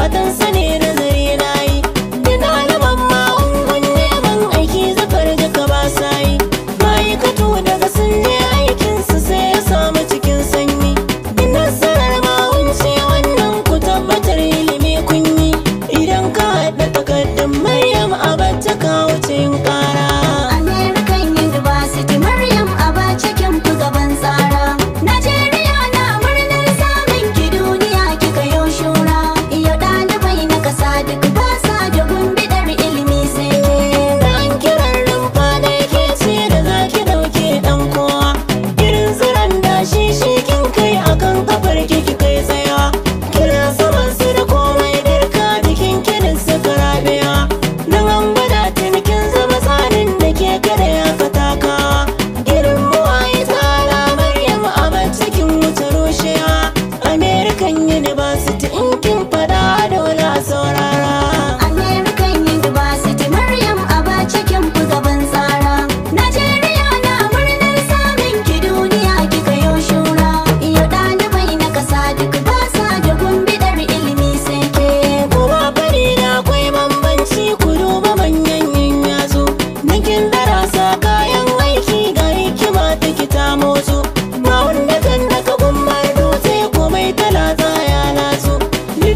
But then say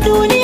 duniya